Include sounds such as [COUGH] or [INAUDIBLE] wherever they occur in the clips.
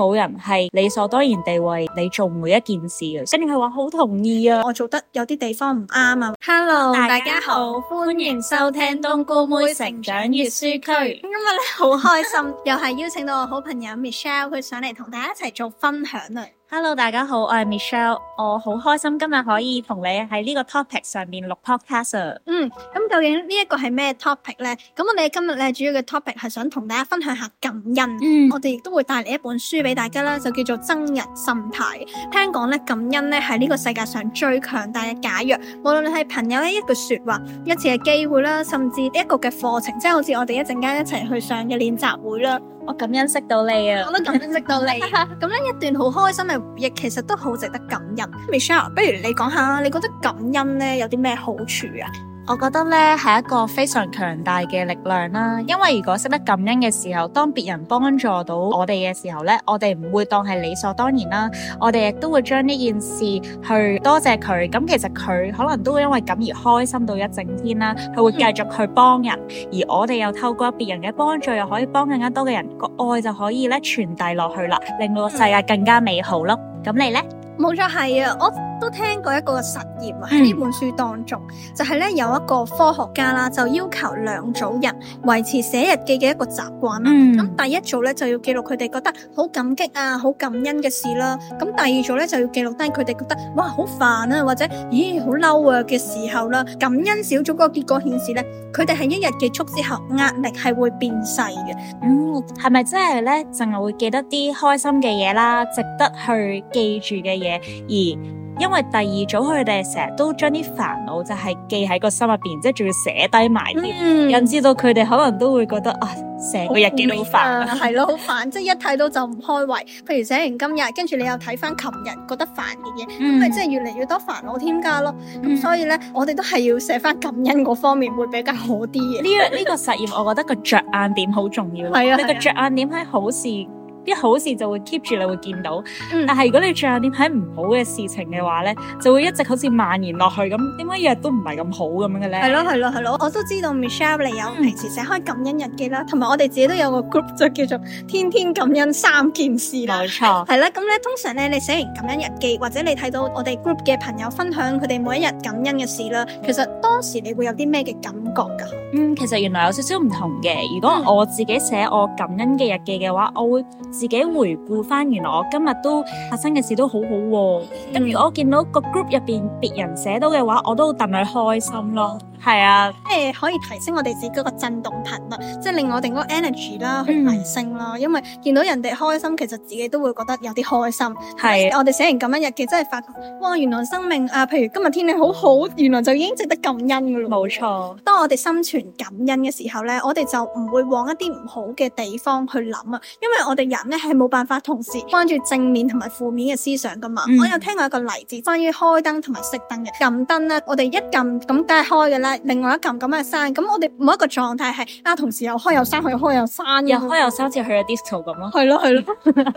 冇人係理所當然地為你做每一件事嘅，跟住佢話好同意啊，我做得有啲地方唔啱啊。Hello，大家好，歡迎收聽冬菇妹成長閱書區。今日咧好開心，又係邀請到我好朋友 Michelle，佢上嚟同大家一齊做分享啊。Hello，大家好，我係 Michelle，我好開心今日可以同你喺呢個 topic 上面錄 podcast。嗯，咁究竟呢一個係咩 topic 呢？咁我哋今日主要嘅 topic 係想同大家分享下感恩。嗯，我哋亦都會帶嚟一本書俾大家啦，就叫做《僧人心態》。聽講咧，感恩咧係呢個世界上最強大嘅解藥。無論你係朋友一句說話、一次嘅機會啦，甚至一個嘅課程，即係好似我哋一陣間一齊去上嘅練習會啦。我感恩識到你啊！我都感恩識到你，咁樣一段好開心嘅回憶，其實都好值得感恩。Michelle，不如你講下，你覺得感恩呢有啲咩好處啊？我覺得呢係一個非常強大嘅力量啦，因為如果識得感恩嘅時候，當別人幫助到我哋嘅時候呢，我哋唔會當係理所當然啦，我哋亦都會將呢件事去多謝佢。咁其實佢可能都會因為咁而開心到一整天啦，佢會繼續去幫人，而我哋又透過別人嘅幫助，又可以幫更加多嘅人，個愛就可以呢傳遞落去啦，令到個世界更加美好咯。咁你呢？冇錯，係啊！我都聽過一個實驗啊，喺呢、嗯、本書當中，就係、是、咧有一個科學家啦，就要求兩組人維持寫日記嘅一個習慣啦。咁、嗯、第一組咧就要記錄佢哋覺得好感激啊、好感恩嘅事啦、啊。咁第二組咧就要記錄翻佢哋覺得哇好煩啊，或者咦好嬲啊嘅時候啦。感恩小組個結果顯示咧，佢哋喺一日結束之後壓力係會變細嘅。嗯，係咪真係咧，淨係會記得啲開心嘅嘢啦，值得去記住嘅嘢？而因為第二組佢哋成日都將啲煩惱就係記喺個心入邊，即係仲要寫低埋。嗯，引致到佢哋可能都會覺得啊，成個日記都、啊、好煩、啊。係咯， [LAUGHS] 好煩，即係一睇到就唔開胃。譬如寫完今日，跟住你又睇翻琴日覺得煩嘅嘢，咁咪即係越嚟越多煩惱添加咯。咁、嗯、所以呢，我哋都係要寫翻感恩嗰方面會比較好啲嘅。呢 [LAUGHS] 呢、呢個呢個實驗，我覺得個着眼點好重要。係啊，你個着眼點喺好事。啲好事就會 keep 住你會見到，但係如果你仲有啲唔好嘅事情嘅話咧，嗯、就會一直好似蔓延落去咁。點解一日都唔係咁好咁樣嘅咧？係咯係咯係咯，我都知道 Michelle 你有平時寫開感恩日記啦，同埋、嗯、我哋自己都有個 group 就叫做天天感恩三件事，冇錯。係啦，咁咧錯通常咧你寫完感恩日記，或者你睇到我哋 group 嘅朋友分享佢哋每一日感恩嘅事啦，其實當時你會有啲咩嘅感覺㗎？嗯，其實原來有少少唔同嘅。如果我自己寫我感恩嘅日記嘅話，我會。自己回顧返，原來我今日都發生嘅事都好好，啊，喎。例如果我見到個 group 入邊別人寫到嘅話，我都戥佢開心咯。係是啊，即係可以提升我哋自己個振動頻率，即係令我哋嗰個 energy 啦去提升啦。嗯、因為見到人哋開心，其實自己都會覺得有啲開心。係是 我哋寫完感恩日記嘅，真係發覺哇，原來生命啊，譬如今日天氣好好，原來就已經值得感恩噶咯。冇沒錯，當我哋心存感恩嘅時候咧，我哋就唔會往一啲唔好嘅地方去諗啊。因為我哋人咧係冇辦法同時關注正面同埋負面嘅思想噶嘛。嗯、我有聽過一個例子，關於開燈同埋熄燈嘅，撳燈咧，我哋一撳咁梗係開嘅啦。另外一撳咁嘅生，咁我哋冇一個狀態係啊，同時又開又閂，又開又閂，又開又閂，又開又閂，又開又閂似去咗 disco 咁咯。係咯，係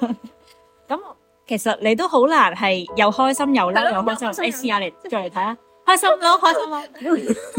咯。咁其實你都好難係又開心又叻。又 [LAUGHS] [LAUGHS] 開心又叻嚟再嚟睇下。開心咯，開心咯， [LAUGHS] [LAUGHS]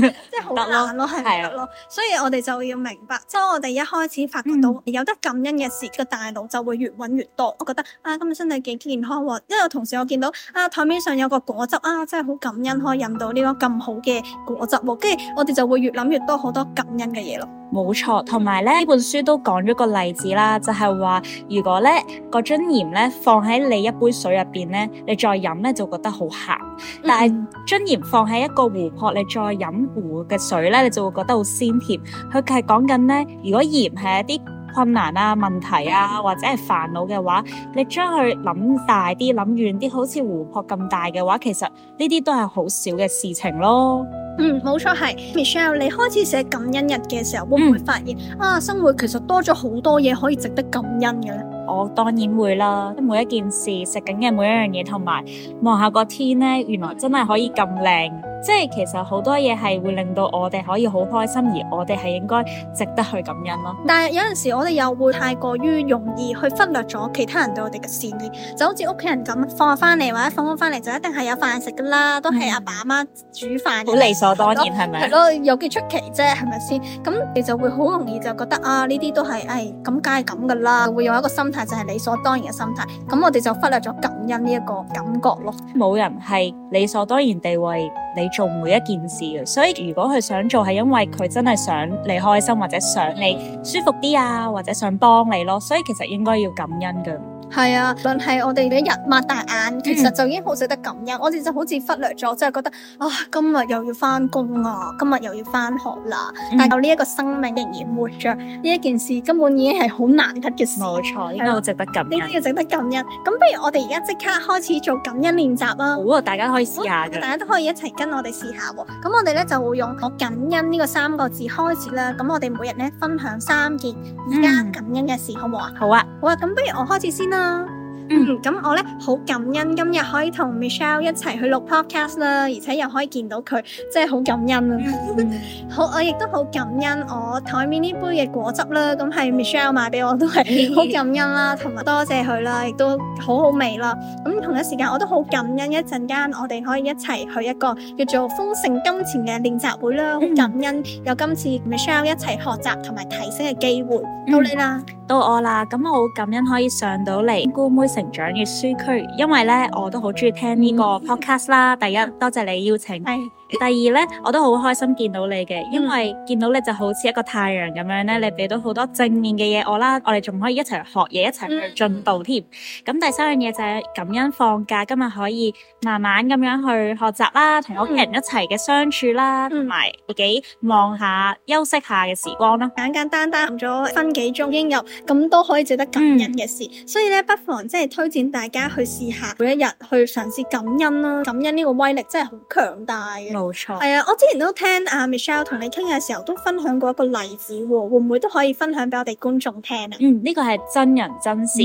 [LAUGHS] 即係好難咯，係咪？係咯，所以我哋就要明白，即係我哋一開始發覺到、嗯、有得感恩嘅事，個大腦就會越搵越多。我覺得啊，今日身體幾健康喎，因為我同時我見到啊，台面上有個果汁啊，真係好感恩可以飲到呢個咁好嘅果汁喎，跟、啊、住我哋就會越諗越多好多感恩嘅嘢咯。冇錯，同埋呢本書都講咗個例子啦，就係話如果呢個樽鹽呢放喺你一杯水入邊呢，你再飲呢，就覺得好鹹。嗯，但係樽鹽放喺一個湖泊，你再飲湖嘅水呢，你就會覺得好鮮甜。佢係講緊呢，如果鹽係一啲困難啊、問題啊或者係煩惱嘅話，你將佢諗大啲、諗遠啲，好似湖泊咁大嘅話，其實呢啲都係好小嘅事情咯。嗯，冇錯係，Michelle，你開始寫感恩日嘅時候，會唔會發現、嗯、啊，生活其實多咗好多嘢可以值得感恩嘅咧？我當然會啦，每一件事、食緊嘅每一樣嘢，同埋望下個天咧，原來真係可以咁靚。即係其實好多嘢係會令到我哋可以好開心，而我哋係應該值得去感恩咯。但係有陣時我哋又會太過於容易去忽略咗其他人對我哋嘅善意，就好似屋企人咁，放學翻嚟，或者放工翻嚟就一定係有飯食噶啦，都係阿爸阿媽煮飯。好理所當然係咪？係咯，有幾出奇啫，係咪先？咁你就會好容易就覺得啊，呢啲都係，哎咁梗係咁噶啦，就會用一個心態就係理所當然嘅心態。咁我哋就忽略咗感恩呢一個感覺咯。冇人係理所當然地位。你做每一件事嘅，所以如果佢想做，係因為佢真係想你開心，或者想你舒服啲啊，或者想幫你咯，所以其實應該要感恩嘅。係啊，論係我哋一日擘大眼，其實就已經好值得感恩。嗯、我哋就好似忽略咗，即係覺得啊，今日又要翻工啊，今日又要翻學啦。嗯、但係有呢一個生命仍然活着，呢一件事根本已經係好難得嘅事。冇錯，應該好值得感恩。呢啲要值得感恩。咁不如我哋而家即刻開始做感恩練習啦。好啊，大家可以試下、哦。大家都可以一齊跟我哋試下喎、啊。咁我哋咧就會用我感恩呢個三個字開始啦。咁我哋每日咧分享三件而家感恩嘅事，嗯、好唔嗎好啊？好啊。好啊，咁不如我開始先啦。嗯，咁、嗯、我咧好感恩今日可以同 Michelle 一齊去錄 podcast 啦，而且又可以見到佢，真係好感恩啊！嗯、 [LAUGHS] 好，我亦都好感恩我台面呢杯嘅果汁啦，咁係 Michelle 買俾我都係好感恩啦，同埋多謝佢啦，亦都好好味啦。咁同一時間我都好感恩，一陣間我哋可以一齊去一個叫做豐盛金錢嘅練習會啦，好、嗯、感恩有今次 Michelle 一齊學習同埋提升嘅機會。到你啦。嗯到我啦，咁我很感恩可以上到嚟菇妹成長閱書區，因為呢，我都好鍾意聽呢個 podcast 啦。第一，多謝你邀請。哎第二咧，我都好開心見到你嘅，因為見到你就好似一個太陽咁樣咧，你俾到好多正面嘅嘢我啦，我哋仲可以一齊學嘢，一齊去進步添。咁、嗯、第三樣嘢就係感恩放假，今日可以慢慢咁樣去學習啦，同屋企人一齊嘅相處啦，同埋自己望下休息下嘅時光啦。簡簡單單咗分幾鐘，應有咁都可以值得感恩嘅事，嗯、所以咧不妨即係推薦大家去試下，每一日去嘗試感恩啦、啊。感恩呢個威力真係好強大嘅。冇錯，係啊！我之前都聽阿 Michelle 同你傾嘅時候都分享過一個例子，會唔會都可以分享俾我哋觀眾聽啊？嗯，呢個係真人真事，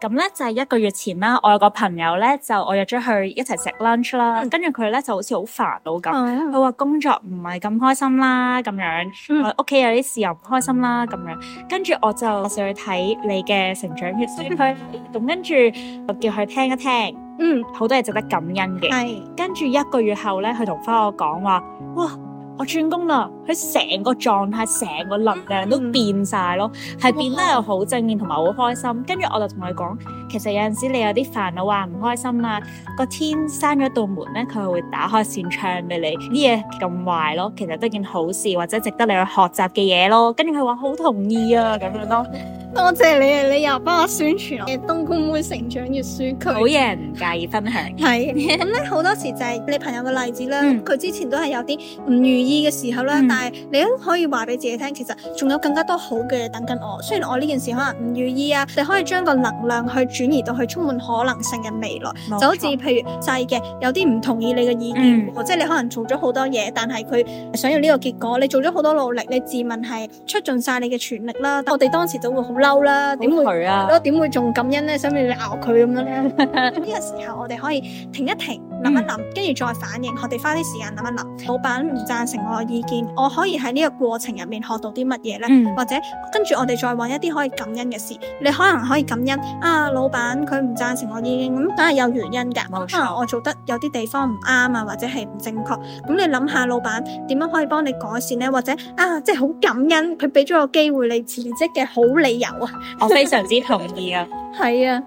咁咧、嗯、就係、是、一個月前啦。我有個朋友咧，就我約咗去一齊食 lunch 啦，跟住佢咧就好似好煩惱咁，佢話、嗯、工作唔係咁開心啦，咁樣，屋企、嗯、有啲事又唔開心啦，咁樣。跟住我就上去睇你嘅成長閱書區，咁、嗯、跟住就叫佢聽一聽。嗯，好多嘢值得感恩嘅。係是，跟住一個月後咧，佢同花我講話，哇，我轉工啦！佢成個狀態、成個能量都變晒咯，係、嗯嗯、變得又好正面同埋好開心。跟住我就同佢講，其實有陣時你有啲煩啊、唔開心啊，個天閂咗道門咧，佢係會打開扇窗俾你。呢嘢咁壞咯，其實都係件好事或者值得你去學習嘅嘢咯。跟住佢話好同意啊咁樣咯。多謝你啊！你又幫我宣傳我嘅《冬菇妹成長閱書區》，佢好嘢，唔介意分享。係咁咧，好多時就係你朋友嘅例子啦。佢、嗯、之前都係有啲唔如意嘅時候啦，嗯、但係你都可以話俾自己聽，其實仲有更加多好嘅等緊我。雖然我呢件事可能唔如意啊，你可以將個能量去轉移到去充滿可能性嘅未來。錯就好似譬如就係嘅，有啲唔同意你嘅意見，嗯、即係你可能做咗好多嘢，但係佢想要呢個結果，你做咗好多努力，你自問係出盡晒你嘅全力啦。我哋當時就會好。嬲啦，點會咯？點他、啊、會仲感恩咧？想你鬧佢咁樣咧？呢 [LAUGHS] 個時候我哋可以停一停，諗一諗，跟住、嗯、再反應。我哋花啲時間諗一諗，老闆唔贊成我嘅意見，我可以喺呢個過程入面學到啲乜嘢咧？嗯、或者跟住我哋再揾一啲可以感恩嘅事。你可能可以感恩啊，老闆佢唔贊成我意見，咁梗係有原因噶錯、啊。我做得有啲地方唔啱啊，或者係唔正確。咁你諗下，老闆點樣可以幫你改善咧？或者啊，即係好感恩，佢俾咗個機會你辭職嘅好理由。我非常之同意啊！係啊。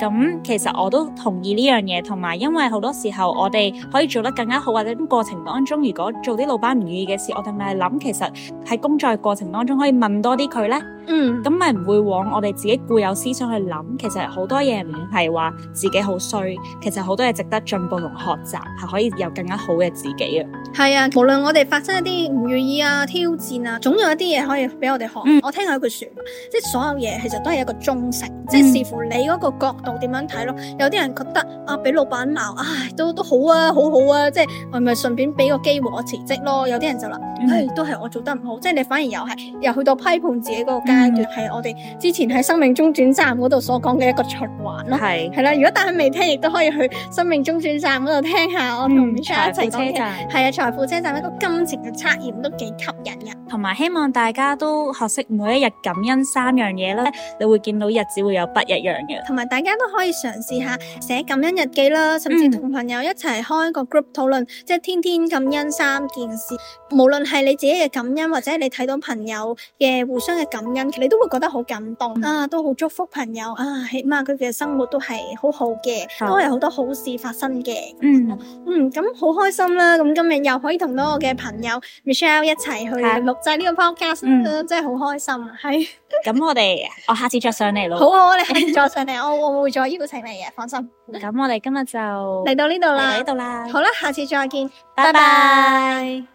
咁其實我都同意呢樣嘢，同埋因為好多時候我哋可以做得更加好，或者咁過程當中，如果做啲老闆唔願意嘅事，我哋咪諗，其實喺工作嘅過程當中可以問多啲佢呢。嗯，咁咪唔會往我哋自己固有思想去諗。其實好多嘢唔係話自己好衰，其實好多嘢值得進步同學習，係可以有更加好嘅自己啊。係啊，無論我哋發生一啲唔願意啊挑戰啊，總有一啲嘢可以俾我哋學。嗯、我聽過一句說話，即係所有嘢其實都係一個中性，即係、嗯、視乎你嗰個。角度點樣睇咯？有啲人覺得啊，俾老闆鬧，唉，都都好啊，好好啊，即係咪順便俾個機會我辭職咯？有啲人就話，唉、嗯哎，都係我做得唔好，即係你反而又係又去到批判自己嗰個階段，係、嗯、我哋之前喺生命中轉站嗰度所講嘅一個循環咯。係係啦，如果大家未聽，亦都可以去生命中轉站嗰度聽，聽下我、嗯，我同唔出一齊講站，係啊，財富車站一個金錢嘅測驗都幾吸引嘅。同埋希望大家都學識每一日感恩三樣嘢咧，你會見到日子會有不一樣嘅。同埋。大家都可以嘗試下寫感恩日記啦，甚至同朋友一齊開個 group 討論，即係天天感恩三件事。無論係你自己嘅感恩，或者你睇到朋友嘅互相嘅感恩，你都會覺得好感動啊！都好祝福朋友啊，起碼佢嘅生活都係好好嘅，都係好多好事發生嘅。嗯好嗯，咁好、嗯、開心啦！咁今日又可以同到我嘅朋友 Michelle 一齊去、啊、錄製呢個 podcast，、嗯啊、真係好開心啊！係。咁 [LAUGHS] 我哋我下次再上嚟咯。好啊，我哋下次再上嚟， [LAUGHS] 我我會再邀請你嘅，放心。咁 [LAUGHS] 我哋今日就嚟到呢度啦，啦。好啦、啊，下次再見，拜拜 bye。Bye bye